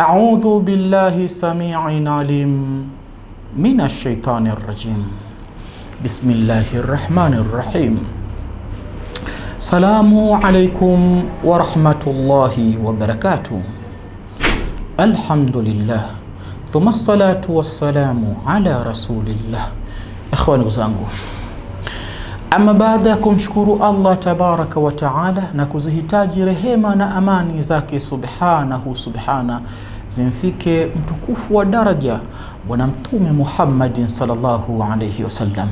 أعوذ بالله سميع عليم من الشيطان الرجيم بسم الله الرحمن الرحيم السلام عليكم ورحمة الله وبركاته الحمد لله ثم الصلاة والسلام على رسول الله إخواني zangu Ama baada ya kumshukuru Allah tabaraka wa taala na kuzihitaji rehema na amani zake subhanahu subhana zimfike mtukufu wa daraja Bwana Mtume Muhammadin sallallahu alayhi wasallam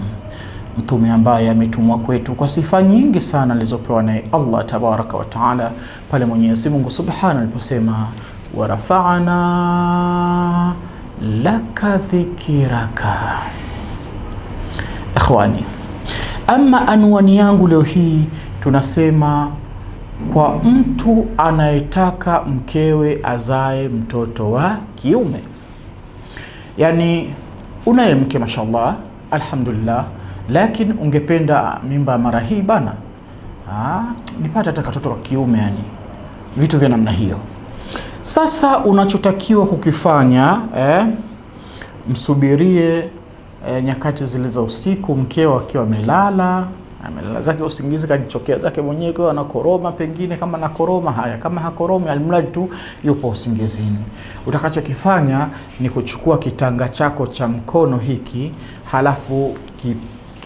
mtume ambaye ametumwa kwetu kwa sifa nyingi sana alizopewa naye Allah tabaraka wa taala, pale Mwenyezi Mungu subhanahu aliposema warafa'na laka dhikiraka. Ikhwani, ama anwani yangu leo hii tunasema kwa mtu anayetaka mkewe azae mtoto wa kiume, yani unaye mke mashallah, alhamdulillah lakini ungependa mimba mara hii bana, ah, nipate hata katoto wa kiume, yani vitu vya namna hiyo. Sasa unachotakiwa kukifanya eh, msubirie eh, nyakati zile za usiku, mkeo akiwa amelala amelala zake usingizi, kanichokea zake mwenyewe kwa anakoroma, pengine kama nakoroma, haya kama hakoromi, almradi tu yupo usingizini. Utakachokifanya ni kuchukua kitanga chako cha mkono hiki halafu ki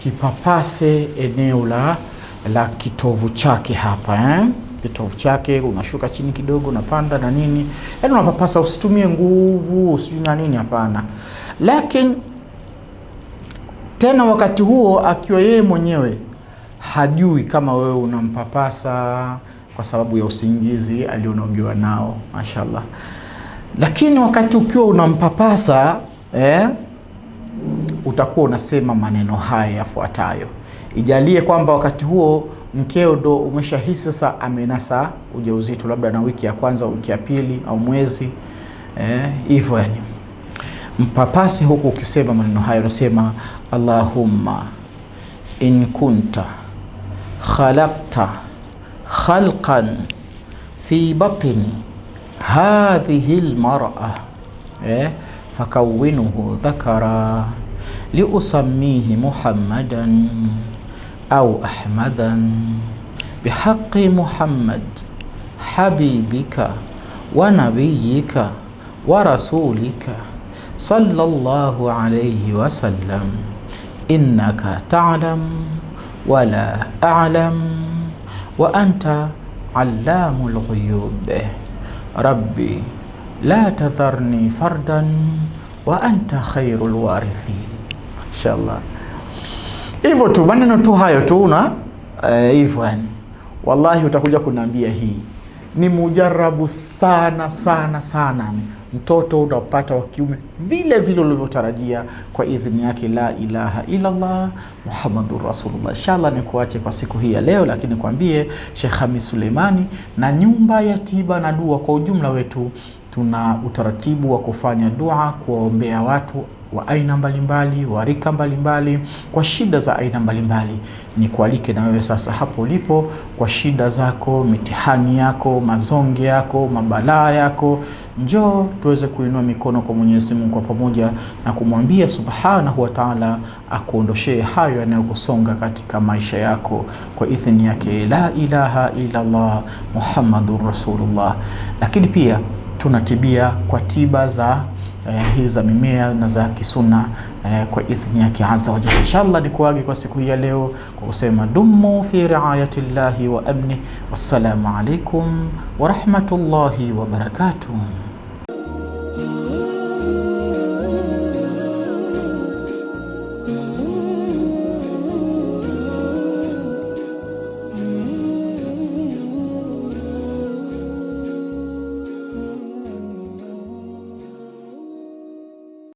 kipapase eneo la, la kitovu chake hapa eh? kitovu chake unashuka chini kidogo, unapanda na nini, yaani unapapasa, usitumie nguvu, usijui na nini, hapana. Lakini tena wakati huo akiwa yeye mwenyewe hajui kama wewe unampapasa kwa sababu ya usingizi alionaogewa nao, mashallah. Lakini wakati ukiwa unampapasa eh? utakuwa unasema maneno haya yafuatayo. Ijalie kwamba wakati huo mkeo ndo umeshahisi sasa amenasa ujauzito, labda na wiki ya kwanza, wiki ya pili au mwezi eh, hivyo eh, yani mpapasi huku ukisema maneno hayo, unasema Allahumma in kunta khalaqta khalqan fi batni hadhihi lmara eh, fakawinuhu dhakara لأسميه محمدا أو أحمدا بحق محمد حبيبك ونبيك ورسولك صلى الله عليه وسلم إنك تعلم ولا أعلم وأنت علام الغيوب ربي لا تذرني فردا وأنت خير الوارثين inshallah. Hivyo tu maneno tu hayo tu una eh, hivyo uh, yani, wallahi utakuja kuniambia hii ni mujarabu sana sana sana, mtoto unapata wa kiume vile vile ulivyotarajia kwa idhini yake, la ilaha illa Allah Muhammadur Rasulullah. Inshallah nikuache kwa siku hii ya leo, lakini kwambie Sheikh Hamis Suleimani na nyumba ya tiba na dua kwa ujumla wetu tuna utaratibu wa kufanya dua kuwaombea watu wa aina mbalimbali, wa rika mbalimbali, kwa shida za aina mbalimbali. ni kualike na wewe sasa hapo ulipo, kwa shida zako, mitihani yako, mazonge yako, mabalaa yako, njoo tuweze kuinua mikono kwa Mwenyezi Mungu kwa pamoja na kumwambia Subhanahu wa Ta'ala akuondoshee hayo yanayokusonga katika maisha yako kwa idhini yake la ilaha ila Allah Muhammadur Rasulullah. Lakini pia tunatibia kwa tiba za eh, hii za mimea na za kisuna eh, kwa idhni yake azza wa jalla. Inshallah nikuage kwa siku hii ya leo kwa kusema dumu fi riayati llahi wa amni. Wassalamu alaikum wa rahmatullahi wa barakatuh.